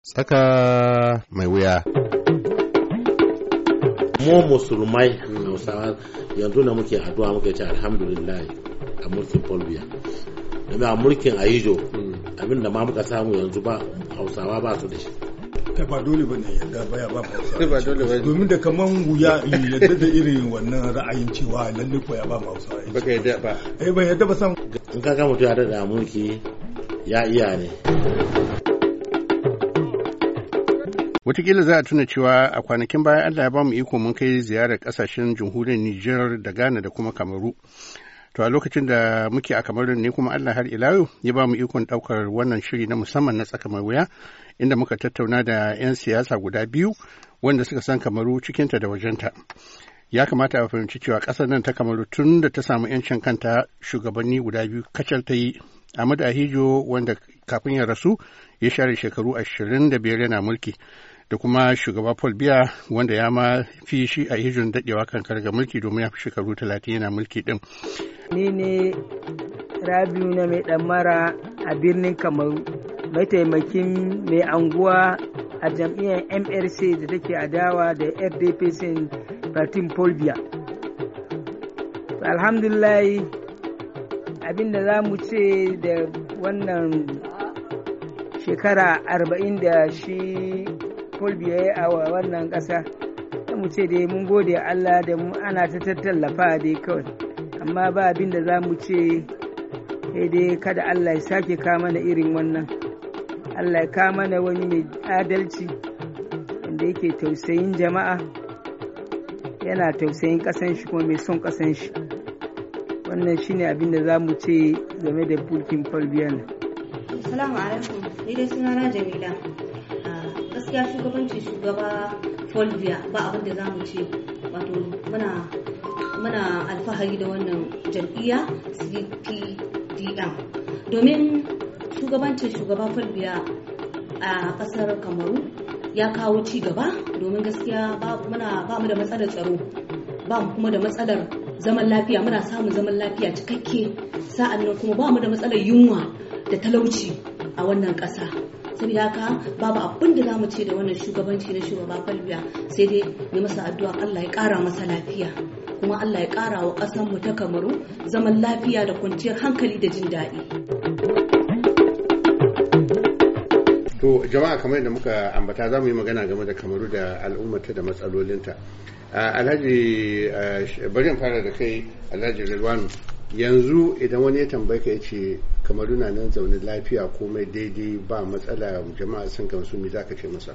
Tsaka mai wuya. Mu musulmai Hausawa yanzu da muke haduwa muke ce alhamdulillah a mulkin Bolivia. Domin a mulkin Ayijo abinda ma muka samu yanzu ba Hausawa ba su da shi. Eh, ba dole ba ne yadda baya ba eh, ba dole ba domin da kaman wuya eh, yadda da irin wannan ra'ayin cewa lalle ko ya ba ma hausawa ba ka yadda ba eh ba yadda ba san in ka ga mutum ya da mulki ya iya ne Wataƙila za a tuna cewa a kwanakin baya Allah ya ba mu iko mun kai ziyarar ƙasashen jamhuriyar Nijar da Ghana da kuma Kamaru. To a lokacin da muke a Kamaru ne kuma Allah har ila yau ya ba mu ikon ɗaukar wannan shiri na musamman na tsaka mai wuya inda muka tattauna da 'yan siyasa guda biyu wanda suka san Kamaru cikinta da wajenta. ya kamata a fahimci cewa ƙasar nan ta kamaru tun da ta samu 'yancin kanta shugabanni guda biyu kacal ta yi ahmad ahijo wanda kafin ya rasu ya share shekaru ashirin da biyar yana mulki da kuma shugaba Paul Biya wanda ya ma fi shi a ijin daɗewa kan karga mulki domin ya fi shekaru talatin yana mulki din. Ni ne Rabiu na mai ɗamara a birnin Kamaru, mataimakin mai anguwa a jam'iyyar MRC da take adawa da FDP sin Martin Paul Biya. Alhamdulillah abinda za mu ce da wannan shekara arba'in da shi fulbiya ya yi a wannan ƙasa sai mu ce dai mun gode Allah da mu ana ta tattallafa dai kawai amma ba abin da za mu ce sai dai kada Allah ya sake kama na irin wannan Allah ya kama na wani mai adalci wanda yake tausayin jama'a yana tausayin ƙasan shi kuma mai son ƙasan shi wannan shine abin da za mu ce game da bulkin falbiyan. Salamu alaikum, ni dai sunana Jamila. gaskiya shugabanci shugaba folvia ba abin da za mu ce wato muna alfahari da wannan jam'iyya cpdm domin shugabancin shugaba folvia a kasar kamaru ya kawo ci gaba domin gaskiya ba mu da matsalar tsaro ba mu kuma da matsalar zaman lafiya muna samun zaman lafiya cikakke sa'an nan kuma ba mu da matsalar yunwa da talauci a wannan ƙasa saboda haka babu abin da zamu ce da wannan shugabanci na shugaba falbiya sai dai yi masa addu'a Allah ya kara masa lafiya kuma Allah ya kara wa ƙasar mu ta Kamaru zaman lafiya da kwanciyar hankali da jin daɗi. To jama'a kamar yadda muka ambata za mu yi magana game da kamaru da al'ummata da matsalolinta. Ah, Alhaji ah, bari fara da kai Alhaji Rilwanu yanzu idan wani ya tambaye ka yace ce kamar na nan zaune lafiya komai daidai ba matsala jama'a sun gamsu me za ka ce masa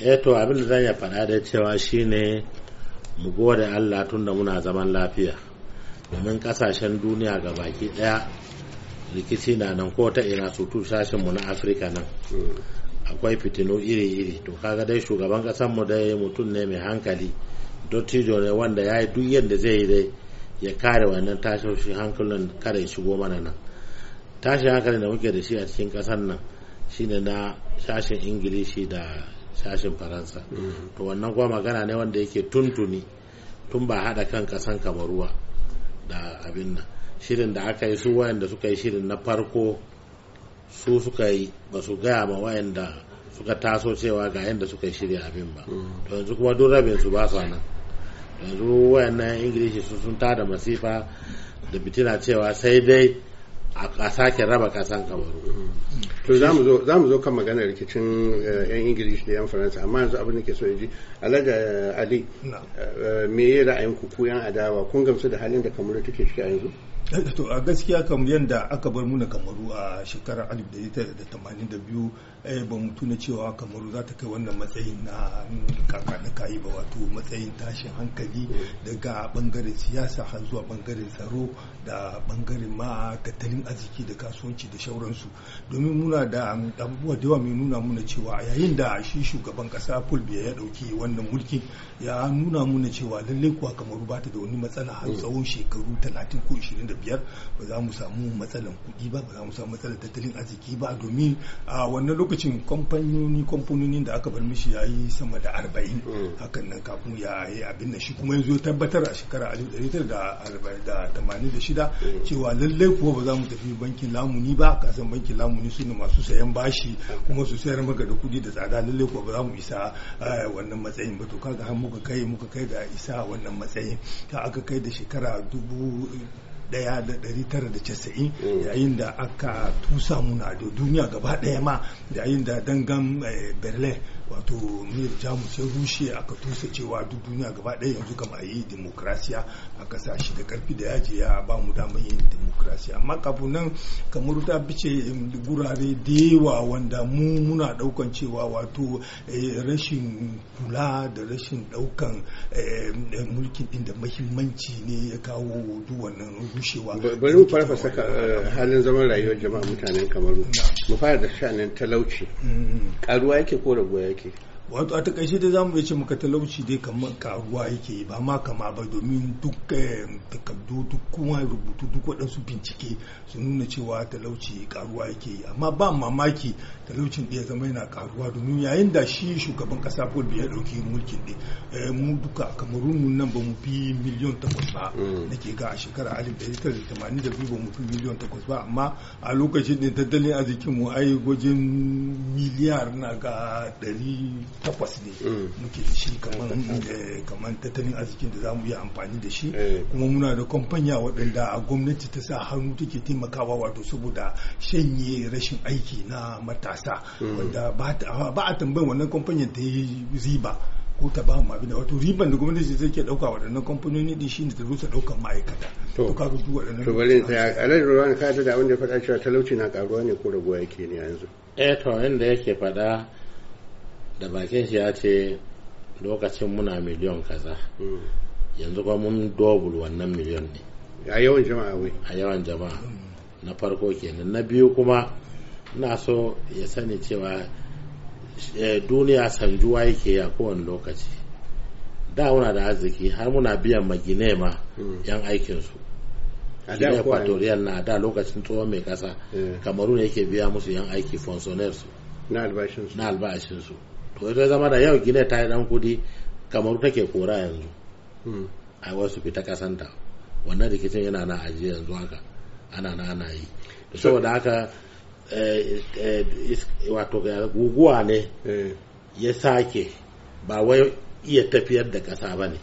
eh to abin da zan iya faɗa da cewa shine mu gode Allah tun da muna zaman lafiya domin kasashen duniya ga baki ɗaya rikici na nan ko ta ina su sashen mu na Afirka nan mm. akwai fitino iri-iri to kaga dai shugaban kasar mu dai mutum ne mai hankali dottijo ne wanda ya yi duk yadda zai yi dai ya kare wannan tashoshin hankalin kare ya shigo mana nan tashin hankalin da muke da shi a cikin kasar nan shine na sashen ingilishi da sashen faransa mm-hmm. to wannan kuma magana ne wanda yake tuntuni tun ba haɗa kan ƙasan kamaruwa da abin nan shirin da aka yi su wayanda suka yi shirin na farko su suka yi ba su gaya ma wayanda suka taso cewa ga yadda suka yi shirya abin ba mm-hmm. to yanzu kuma duk rabin su ba su nan yanzu wayannan ingilishi sun sun tada masifa da bitina cewa sai dai a sake raba kasan kamaru to za mu zo kan maganar rikicin eh, yan ingilishi da yan faransa amma yanzu abin da ke so ji alaga eh, ali eh, me ya ra'ayin ku yan adawa kun gamsu da halin da kamaru take ciki a yanzu to a gaskiya kam yanda aka bar muna kamaru a shekarar 1982 eh, ba mu tuna cewa kamaru za ta kai wannan matsayin na kaka na kayi ba wato matsayin tashin hankali daga bangaren siyasa har zuwa bangaren tsaro da bangaren ma tattalin arziki da kasuwanci da shauransu domin muna da abubuwa da yawa mai nuna muna cewa yayin da shi shugaban kasa fulbiya ya dauki wannan mulkin ya nuna muna cewa lallai kuwa kamaru ba ta da wani matsala har mm. tsawon shekaru 30 ko 20 biyar ba za mu samu matsalan kuɗi ba ba za mu samu matsalan tattalin arziki ba domin a wannan lokacin kamfanoni kamfanoni da aka bar mishi ya yi sama da arba'in mm. hakan nan kafin ya yi abin shi kuma ya zo tabbatar a shekara alif ɗari da arba'in da tamanin da shida mm. cewa lallai kuwa ba za mu tafi bankin lamuni ba kasan bankin lamuni su ne masu sayan bashi kuma su sayar maka da kuɗi da tsada lallai kuwa ba za mu isa wannan matsayin ba to kaga har muka kai muka kai da isa wannan matsayin ta aka kai da shekara dubu 1990 da tara da casa'in yayin da aka tusa mu na duniya gaba daya ma yayin da dangan eh, berlin wato miyar jamu sai rushe aka tusa cewa duk duniya gaba ɗaya yanzu kama a yi demokrasiya a ƙasa shi da ƙarfi da yaji ya ba mu dama yin demokrasiya amma kafin nan kamar ta bice gurare da yawa wanda mu muna ɗaukan cewa wato eh, rashin kula da rashin ɗaukan eh, mulkin ɗin da mahimmanci ne ya kawo duk wannan rushewa bari mu fara saka eh, halin zaman rayuwar jama'a mutanen kamaru mu fara da sha'anin talauci karuwa mm-hmm. yake ko raguwa yake Thank you. wato a takaice dai zamu iya ce maka talauci dai kamar karuwa yake ba ma kama ba domin duk eh, takardu duk kuma rubutu duk waɗansu bincike su nuna cewa talauci karuwa yake yi amma ba mamaki talaucin ɗaya zama yana karuwa domin yayin da shi shugaban ƙasa ko biya ɗauki mulkin ɗin eh, mu duka a kamarun nan ba mu fi miliyon takwas ba mm. nake ga a shekara alif ɗari tara da tamanin da biyu ba mu fi miliyon takwas ba amma a lokacin ɗin tattalin arzikin mu ai gwajin miliyar na ga ɗari takwas ne mm. muke da shi eh, kamar tattalin arzikin da za mu yi amfani da shi eh. kuma muna da kamfanya waɗanda a gwamnati ta sa hannu take taimakawa wato saboda shanye rashin aiki na matasa mm. wanda ba a tambayin wannan kamfanyar ta yi riba ko ta ba mu abin da wato riban da gwamnati zai ke dauka waɗannan kamfanoni din shine ta rusa daukan ma'aikata to kaga duk waɗannan to bari ta da ruwan ka da wanda faɗa cewa talauci na karuwa ne ko raguwa yake ne yanzu eh to yanda yake faɗa da bakin shi ya ce lokacin muna miliyon kaza hmm. yanzu kuma mun dobul wannan miliyon ne a yawan jama'a wai a yawan jama'a na farko kenan na biyu kuma na so ya sani cewa eh, duniya sanjuwa yake a kowane lokaci da muna da arziki har muna biyan magine ma hmm. yan aikinsu gine equatorial na da lokacin tsohon mai kasa hmm. kamaru ne yake biya musu yan aiki fonsonersu na albashinsu to zama da yau gina ta yi dan kudi kamar take kora yanzu hmm. a wasu fita kasanta wannan rikicin yana na aji yanzu haka ana na ana yi saboda haka eh, eh, wato guguwa ne eh. ya sake ba wai iya tafiyar da kasa ba ne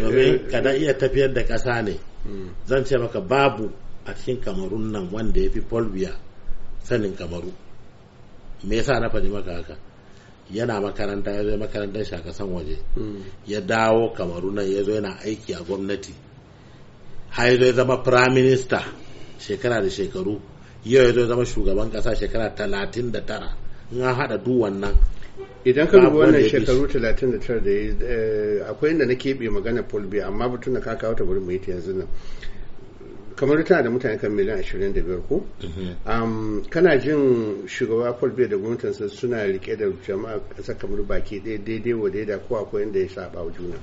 domin kada iya tafiyar da kasa ne hmm. zan ce maka babu a cikin kamarun nan wanda ya fi polvia sanin kamaru me yasa na faɗi maka haka yana makaranta ya zo makarantar shakasan waje hmm. ya dawo kamaru nan ya zo yana aiki a gwamnati har ya zama prime minister shekara da shekaru yau ya zo zama shugaban kasa shekara talatin da tara in an haɗa duk wannan idan ka duba wannan shekaru 39 da eh, akwai inda na keɓe magana biya amma batun da ka kawo ta bari mu yi ta yanzu nan kamar tana da mutane kan miliyan 25 ko mm-hmm. kana jin shugaba paul bai da gwamnatinsa suna rike da jama'a ƙasar kamar baki ɗaya daidai wa daida ko akwai inda ya saba wa juna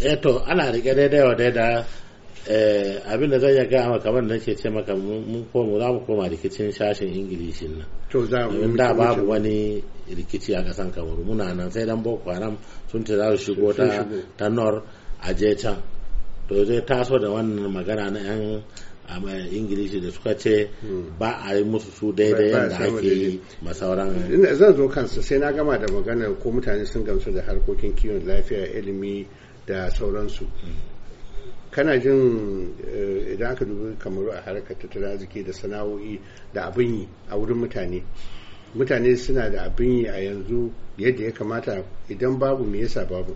e to ana rike daidai wa daida eh, abin da zan iya gaya maka kamar ke ce maka mun komo za mu koma rikicin shashin ingilishin nan to za mu da babu wani rikici a kasan kamar muna nan sai dan boko haram sun ce za su shigo ta ta nor a je can to zai taso da wannan magana na yan a ingilishi da suka ce hmm. ba a yi musu su daidai yadda ake yi masauran ina zan zo kansu sai na gama da maganar ko mutane sun gamsu da harkokin kiwon lafiya ilimi da sauransu kana jin eh, idan aka dubi kamaru a harkar tattalin arziki da sana'o'i da abin yi a wurin mutane mutane suna da abin yi a yanzu yadda ya kamata idan babu me yasa babu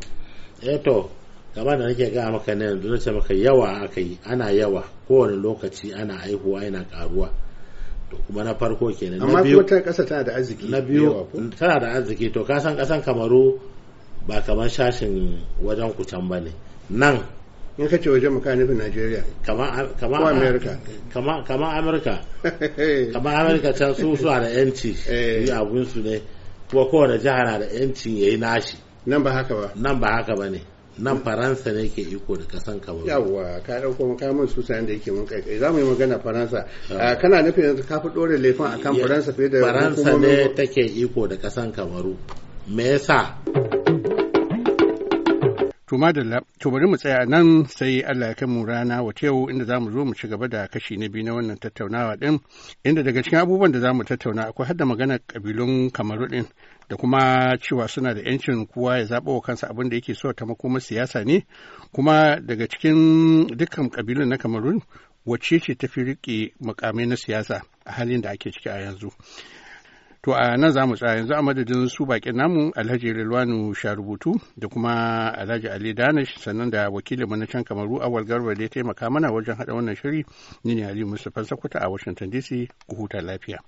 eto eh gaba da nake ga maka na yanzu nace maka yawa aka yi ana yawa kowane lokaci ana aihuwa yana karuwa to kuma na farko kenan amma biyu ta kasa tana da arziki na biyu tana da arziki to ka san kasan kamaru ba kamar shashin wajen ku can bane nan in ka ce waje muka nufin Najeriya kamar kamar Amerika kamar kamar Amerika kamar Amerika can su suna da yanci eh. yi abun su ne kuma kowane jihar na da yancin yayi nashi nan ba haka ba nan ba haka bane nan faransa ne ke iko da kasan kamar yawwa ka dauko ka mun su sayan da yake mun kai za mu yi magana faransa ah, kana nufin yanzu ka fi dore laifin akan faransa fiye da faransa ne take iko da kasan kamaru me yasa To madalla, to bari mu tsaya nan sai Allah ya kai mu rana wata yau inda za mu zo mu ci gaba da kashi na biyu na wannan tattaunawa din inda daga cikin abubuwan da za mu tattauna akwai hadda magana kabilun kamaru din da kuma cewa suna da yancin kowa ya zaɓa wa kansa abin da yake so ta makomar siyasa ne kuma daga cikin dukkan kabilun na kamarun wacce ce ta fi riƙe mukamai na siyasa a halin da ake ciki a yanzu to a nan za mu tsaya yanzu a madadin su baƙin namu alhaji rilwanu sharubutu da kuma alhaji ali danish sannan da wakilinmu na can kamaru awal garba da ya taimaka mana wajen haɗa wannan shiri ni ne ali mustapha sakwata a washington dc ku huta lafiya.